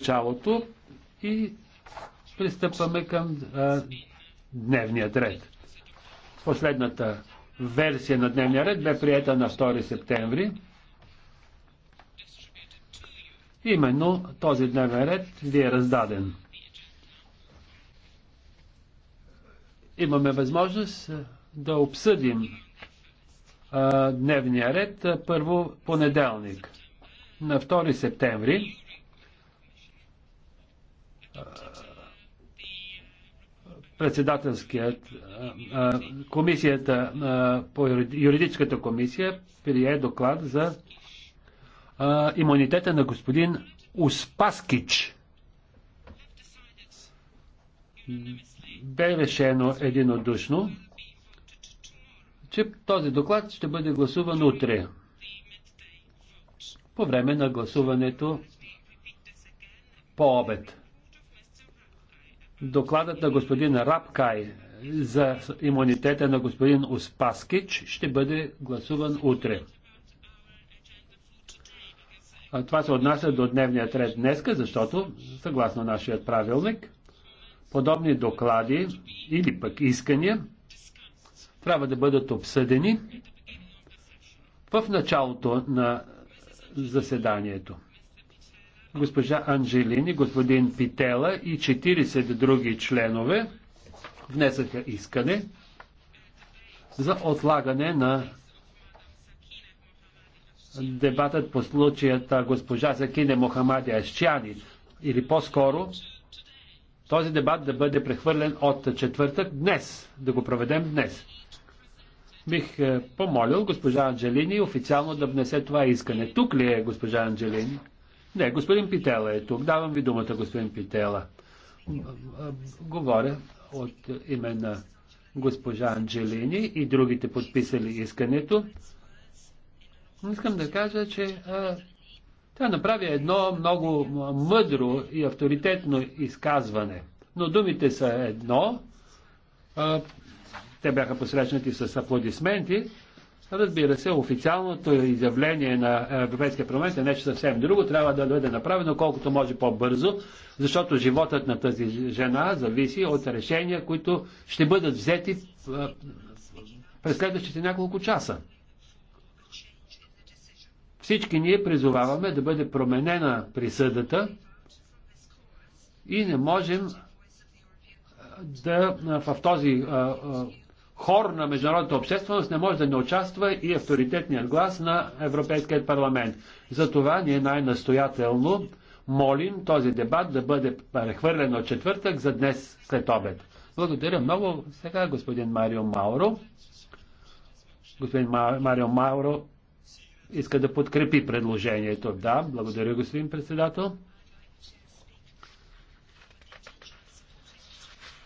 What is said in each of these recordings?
началото и пристъпваме към а, дневния ред. Последната версия на дневния ред бе приета на 2 септември. Именно този дневен ред ви е раздаден. Имаме възможност да обсъдим а, дневния ред а, първо понеделник. На 2 септември председателският комисията по юридическата комисия прие доклад за имунитета на господин Успаскич. Бе решено единодушно, че този доклад ще бъде гласуван утре. По време на гласуването по обед. Докладът на господин Рапкай за имунитета на господин Успаскич ще бъде гласуван утре. А това се отнася до дневния ред днеска, защото, съгласно нашия правилник, подобни доклади или пък искания трябва да бъдат обсъдени в началото на заседанието госпожа Анджелини, господин Питела и 40 други членове внесаха искане за отлагане на дебатът по случаята госпожа Закине Мохамади Ашчани или по-скоро този дебат да бъде прехвърлен от четвъртък днес, да го проведем днес. Бих е, помолил госпожа Анджелини официално да внесе това искане. Тук ли е госпожа Анджелини? Не, господин Питела е тук. Давам ви думата, господин Питела. Говоря от име на госпожа Анджелини и другите подписали искането. Искам да кажа, че а, тя направи едно много мъдро и авторитетно изказване. Но думите са едно. А, те бяха посрещнати с аплодисменти, Разбира се, официалното изявление на Европейския парламент е нещо съвсем друго. Трябва да бъде направено колкото може по-бързо, защото животът на тази жена зависи от решения, които ще бъдат взети през следващите няколко часа. Всички ние призоваваме да бъде променена присъдата и не можем да в този хор на международната общественост не може да не участва и авторитетният глас на Европейският парламент. Затова ние най-настоятелно молим този дебат да бъде прехвърлен от четвъртък за днес след обед. Благодаря много. Сега господин Марио Мауро. Господин Марио Мауро иска да подкрепи предложението. Да, благодаря господин председател.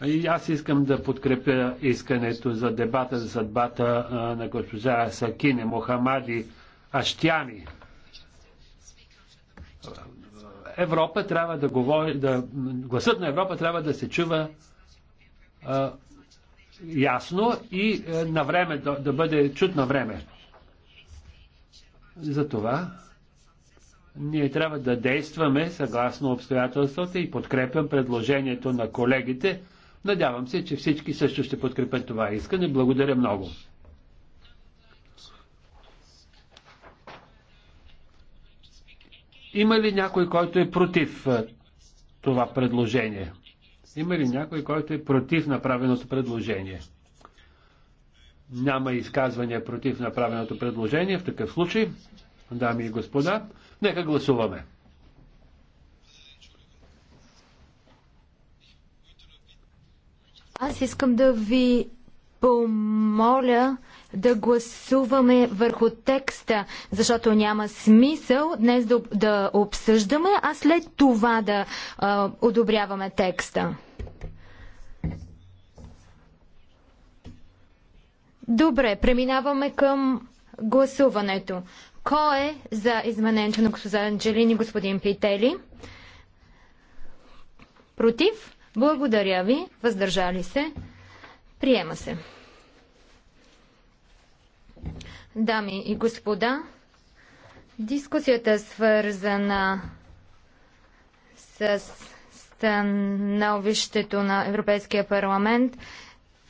И аз искам да подкрепя искането за дебата за съдбата на госпожа Сакине Мохамади Аштяни. Европа трябва да говори, да, гласът на Европа трябва да се чува а, ясно и а, на време, да, да бъде чут на време. Затова ние трябва да действаме съгласно обстоятелствата и подкрепям предложението на колегите, Надявам се, че всички също ще подкрепят това искане. Благодаря много. Има ли някой, който е против това предложение? Има ли някой, който е против направеното предложение? Няма изказвания против направеното предложение. В такъв случай, дами и господа, нека гласуваме. Аз искам да ви помоля да гласуваме върху текста, защото няма смисъл днес да, да обсъждаме, а след това да а, одобряваме текста. Добре, преминаваме към гласуването. Кой е за изменението на господин Анджелини, господин Пители? Против? Благодаря ви. Въздържали се. Приема се. Дами и господа, дискусията е свързана с становището на Европейския парламент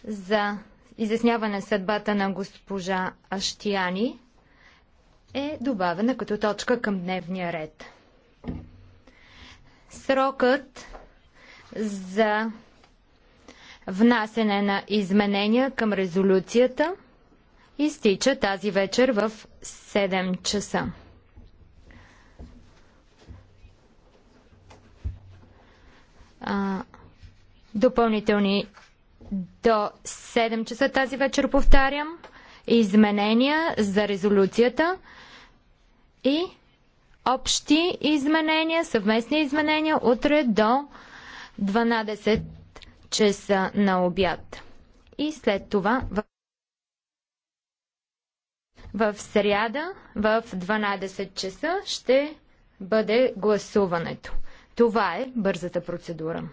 за изясняване съдбата на госпожа Аштияни е добавена като точка към дневния ред. Срокът за внасене на изменения към резолюцията изтича тази вечер в 7 часа. допълнителни до 7 часа тази вечер, повтарям, изменения за резолюцията и общи изменения, съвместни изменения утре до 12 часа на обяд. И след това в, в сряда в 12 часа ще бъде гласуването. Това е бързата процедура,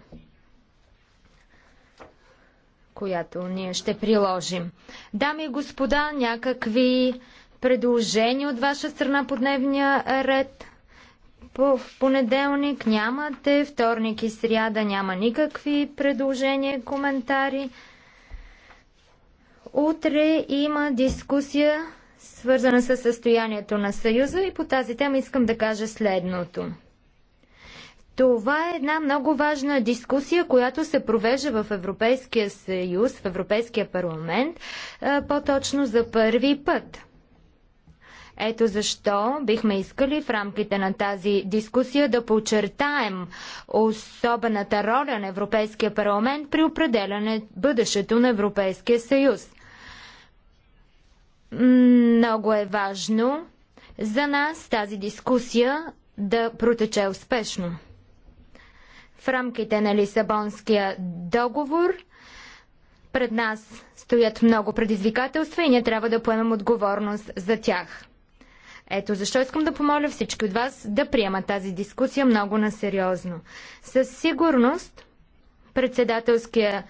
която ние ще приложим. Дами и господа, някакви предложения от ваша страна по дневния ред? По понеделник нямате, вторник и сряда няма никакви предложения, коментари. Утре има дискусия свързана с състоянието на Съюза и по тази тема искам да кажа следното. Това е една много важна дискусия, която се провежда в Европейския съюз, в Европейския парламент, по-точно за първи път. Ето защо бихме искали в рамките на тази дискусия да подчертаем особената роля на Европейския парламент при определяне бъдещето на Европейския съюз. Много е важно за нас тази дискусия да протече успешно. В рамките на Лисабонския договор пред нас стоят много предизвикателства и ние трябва да поемем отговорност за тях. Ето защо искам да помоля всички от вас да приемат тази дискусия много насериозно. Със сигурност председателския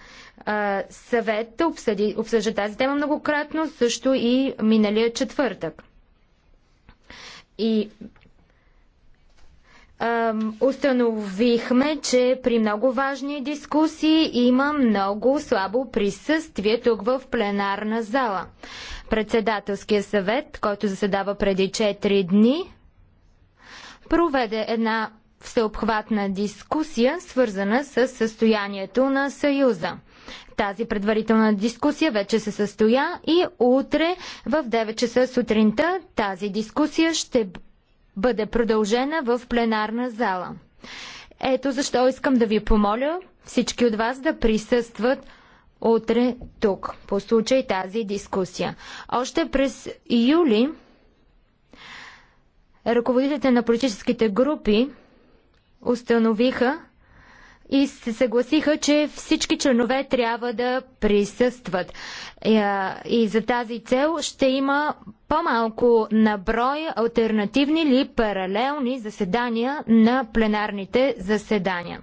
а, съвет обсъди, обсъжда тази тема многократно, също и миналия четвъртък. И установихме, че при много важни дискусии има много слабо присъствие тук в пленарна зала. Председателския съвет, който заседава преди 4 дни, проведе една всеобхватна дискусия, свързана с състоянието на Съюза. Тази предварителна дискусия вече се състоя и утре в 9 часа сутринта тази дискусия ще бъде продължена в пленарна зала. Ето защо искам да ви помоля всички от вас да присъстват утре тук, по случай тази дискусия. Още през юли ръководителите на политическите групи установиха, и се съгласиха, че всички членове трябва да присъстват. Е, и за тази цел ще има по-малко наброй альтернативни или паралелни заседания на пленарните заседания.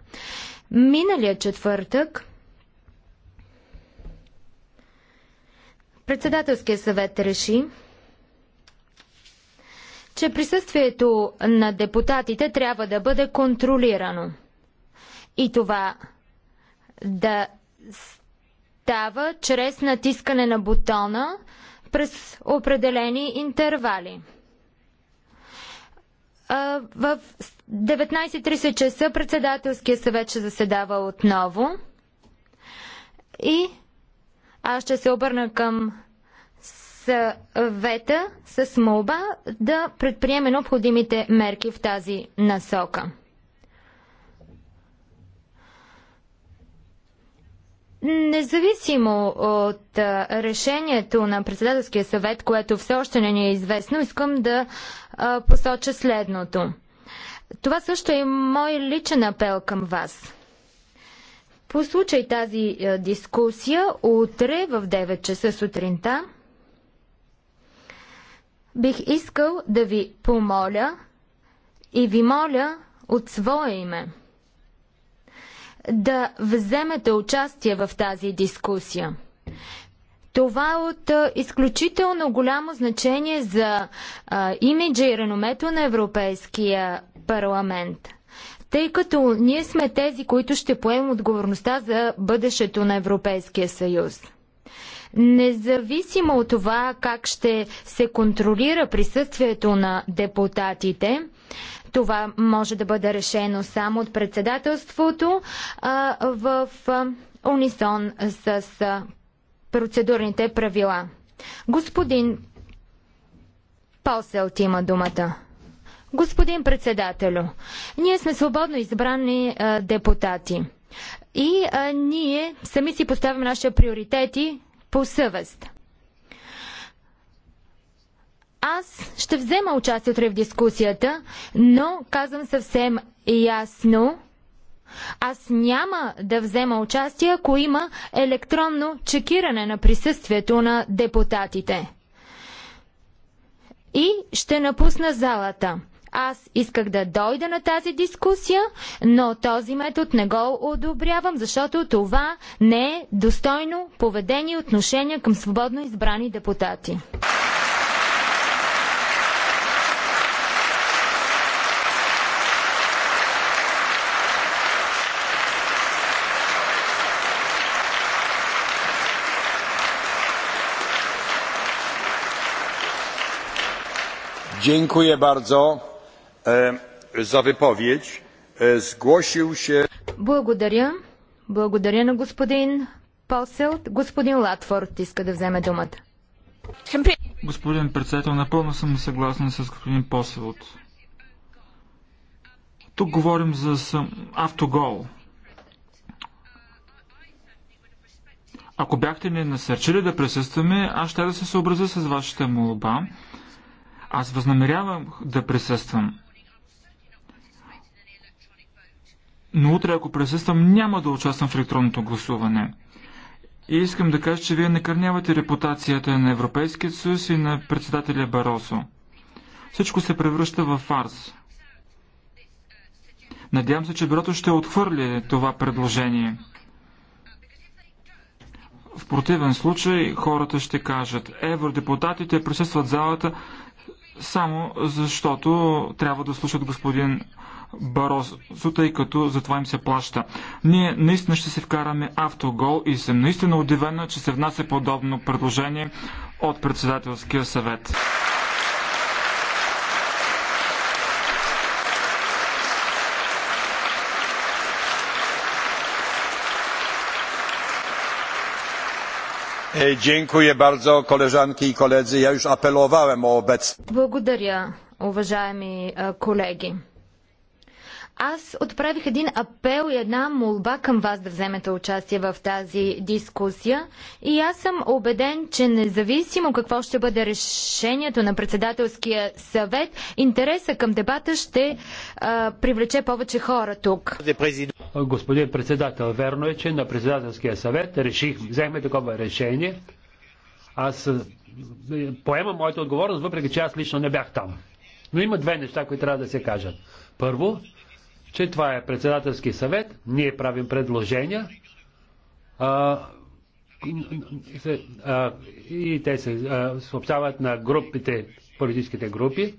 Миналия четвъртък Председателския съвет реши, че присъствието на депутатите трябва да бъде контролирано. И това да става чрез натискане на бутона през определени интервали. В 19.30 часа председателския съвет ще заседава отново и аз ще се обърна към съвета с молба да предприеме необходимите мерки в тази насока. Независимо от решението на председателския съвет, което все още не ни е известно, искам да посоча следното. Това също е мой личен апел към вас. По случай тази дискусия, утре в 9 часа сутринта, бих искал да ви помоля и ви моля от свое име – да вземете участие в тази дискусия. Това е от изключително голямо значение за а, имиджа и реномето на Европейския парламент. Тъй като ние сме тези, които ще поемем отговорността за бъдещето на Европейския съюз. Независимо от това как ще се контролира присъствието на депутатите, това може да бъде решено само от председателството а, в а, унисон с а, процедурните правила. Господин Поселт има думата. Господин председателю, ние сме свободно избрани а, депутати. И а, ние сами си поставяме нашите приоритети по съвест. Аз ще взема участие утре в дискусията, но казвам съвсем ясно, аз няма да взема участие, ако има електронно чекиране на присъствието на депутатите. И ще напусна залата. Аз исках да дойда на тази дискусия, но този метод не го одобрявам, защото това не е достойно поведение и отношение към свободно избрани депутати. Dziękuję bardzo за e, wypowiedź. E, zgłosił się... Благодаря. Благодаря на господин Поселт. Господин Латфорд иска да вземе думата. Господин председател, напълно съм съгласен с господин Поселт. Тук говорим за автогол. Ако бяхте ни насърчили да присъстваме, аз ще да се съобразя с вашата молба. Аз възнамерявам да присъствам. Но утре, ако присъствам, няма да участвам в електронното гласуване. И искам да кажа, че вие накърнявате репутацията на Европейския съюз и на председателя Баросо. Всичко се превръща в фарс. Надявам се, че бюрото ще отхвърли това предложение. В противен случай хората ще кажат, евродепутатите присъстват в залата само защото трябва да слушат господин Барозо, тъй като за това им се плаща. Ние наистина ще се вкараме автогол и съм наистина удивена, че се внася подобно предложение от председателския съвет. Dziękuję bardzo koleżanki i koledzy. Ja już apelowałem o obecność. Благодаря, уважаеми колеги. Аз отправих един апел и една молба към вас да вземете участие в тази дискусия и аз съм убеден, че независимо какво ще бъде решението на председателския съвет, интереса към дебата ще а, привлече повече хора тук. Господин председател, верно е, че на председателския съвет реших, вземе такова решение. Аз поемам моята отговорност, въпреки че аз лично не бях там. Но има две неща, които трябва да се кажат. Първо, че това е председателски съвет, ние правим предложения а, се, а, и те се а, съобщават на групите, политическите групи.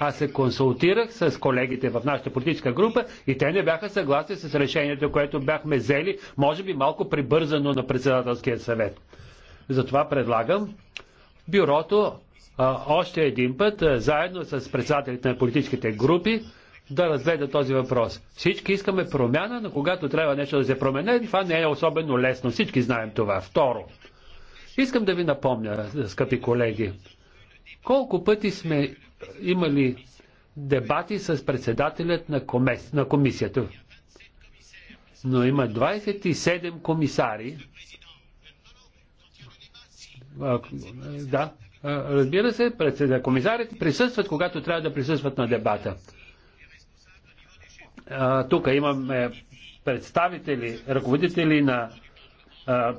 Аз се консултирах с колегите в нашата политическа група и те не бяха съгласни с решението, което бяхме взели, може би малко прибързано на председателския съвет. Затова предлагам бюрото а, още един път, а, заедно с председателите на политическите групи, да разгледа този въпрос. Всички искаме промяна, но когато трябва нещо да се промене, това не е особено лесно. Всички знаем това. Второ, искам да ви напомня, скъпи колеги, колко пъти сме имали дебати с председателят на, комес, на комисията. Но има 27 комисари. А, да, разбира се, комисарите присъстват, когато трябва да присъстват на дебата. Тук имаме представители, ръководители на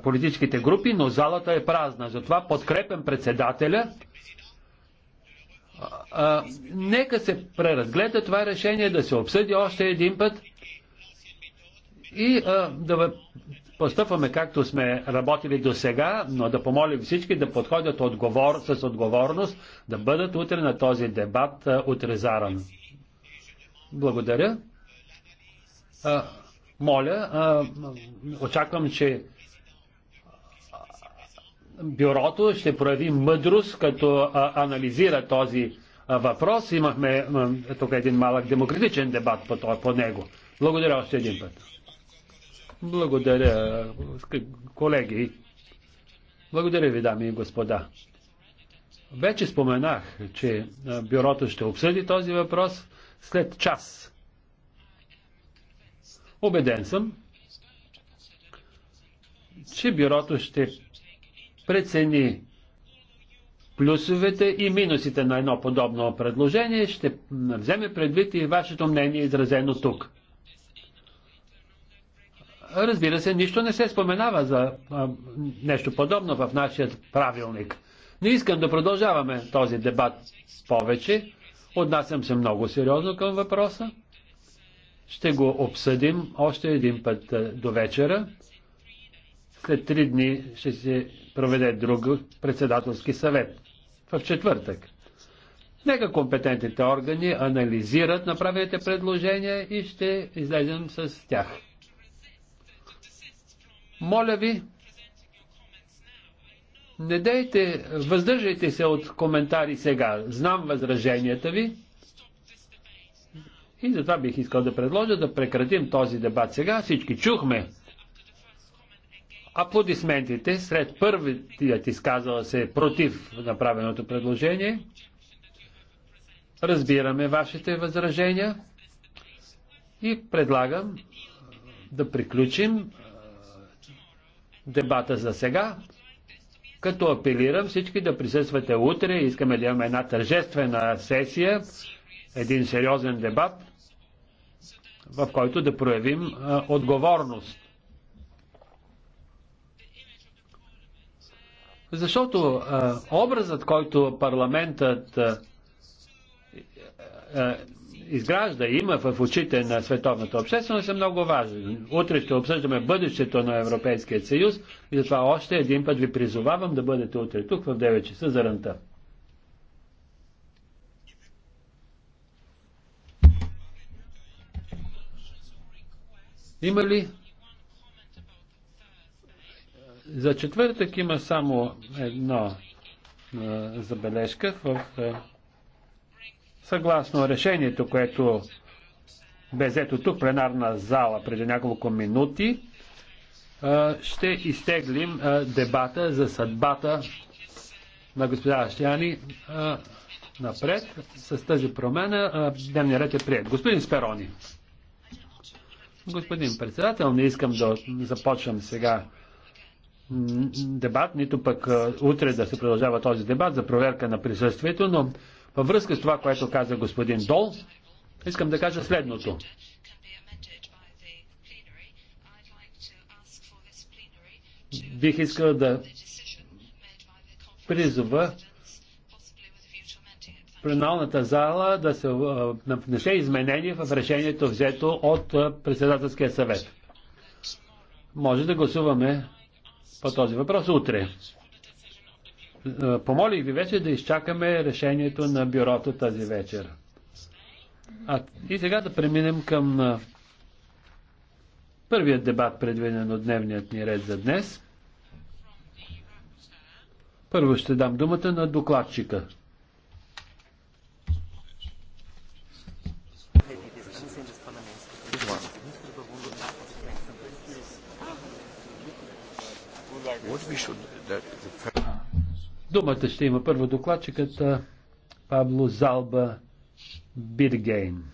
политическите групи, но залата е празна. Затова подкрепям председателя. Нека се преразгледа това решение, да се обсъди още един път и да постъпваме както сме работили до сега, но да помолим всички да подходят отговор, с отговорност, да бъдат утре на този дебат отрезаран. Благодаря. А, моля, а, очаквам, че бюрото ще прояви мъдрост, като а, анализира този а, въпрос. Имахме а, тук един малък демократичен дебат по, това, по него. Благодаря още един път. Благодаря, колеги. Благодаря ви, дами и господа. Вече споменах, че бюрото ще обсъди този въпрос след час. Обеден съм, че бюрото ще прецени плюсовете и минусите на едно подобно предложение, ще вземе предвид и вашето мнение, изразено тук. Разбира се, нищо не се споменава за а, нещо подобно в нашия правилник. Не искам да продължаваме този дебат повече. Отнасям се много сериозно към въпроса. Ще го обсъдим още един път е, до вечера. След три дни ще се проведе друг председателски съвет. В четвъртък. Нека компетентните органи анализират направените предложения и ще излезем с тях. Моля ви, не дейте, въздържайте се от коментари сега. Знам възраженията ви. И затова бих искал да предложа да прекратим този дебат сега. Всички чухме аплодисментите сред първият изказал се е против направеното предложение. Разбираме вашите възражения и предлагам да приключим дебата за сега, като апелирам всички да присъствате утре. Искаме да имаме една тържествена сесия, един сериозен дебат в който да проявим отговорност. Защото а, образът, който парламентът а, а, изгражда и има в очите на световната общественост е много важен. Утре ще обсъждаме бъдещето на Европейския съюз и затова още един път ви призовавам да бъдете утре тук в 9 часа за рънта. Има ли? За четвъртък има само едно забележка в съгласно решението, което бе взето тук пленарна зала преди няколко минути, ще изтеглим дебата за съдбата на господа Щяни напред. С тази промена дневния ред е прият. Господин Сперони. Господин председател, не искам да започвам сега дебат, нито пък утре да се продължава този дебат за проверка на присъствието, но във връзка с това, което каза господин Дол, искам да кажа следното. Бих искал да призова пленалната зала да се внесе изменение в решението взето от председателския съвет. Може да гласуваме по този въпрос утре. Помолих ви вече да изчакаме решението на бюрото тази вечер. А, и сега да преминем към първият дебат, предвиден от дневният ни ред за днес. Първо ще дам думата на докладчика. Думата ще има първо докладчикът Пабло Залба Биргейн.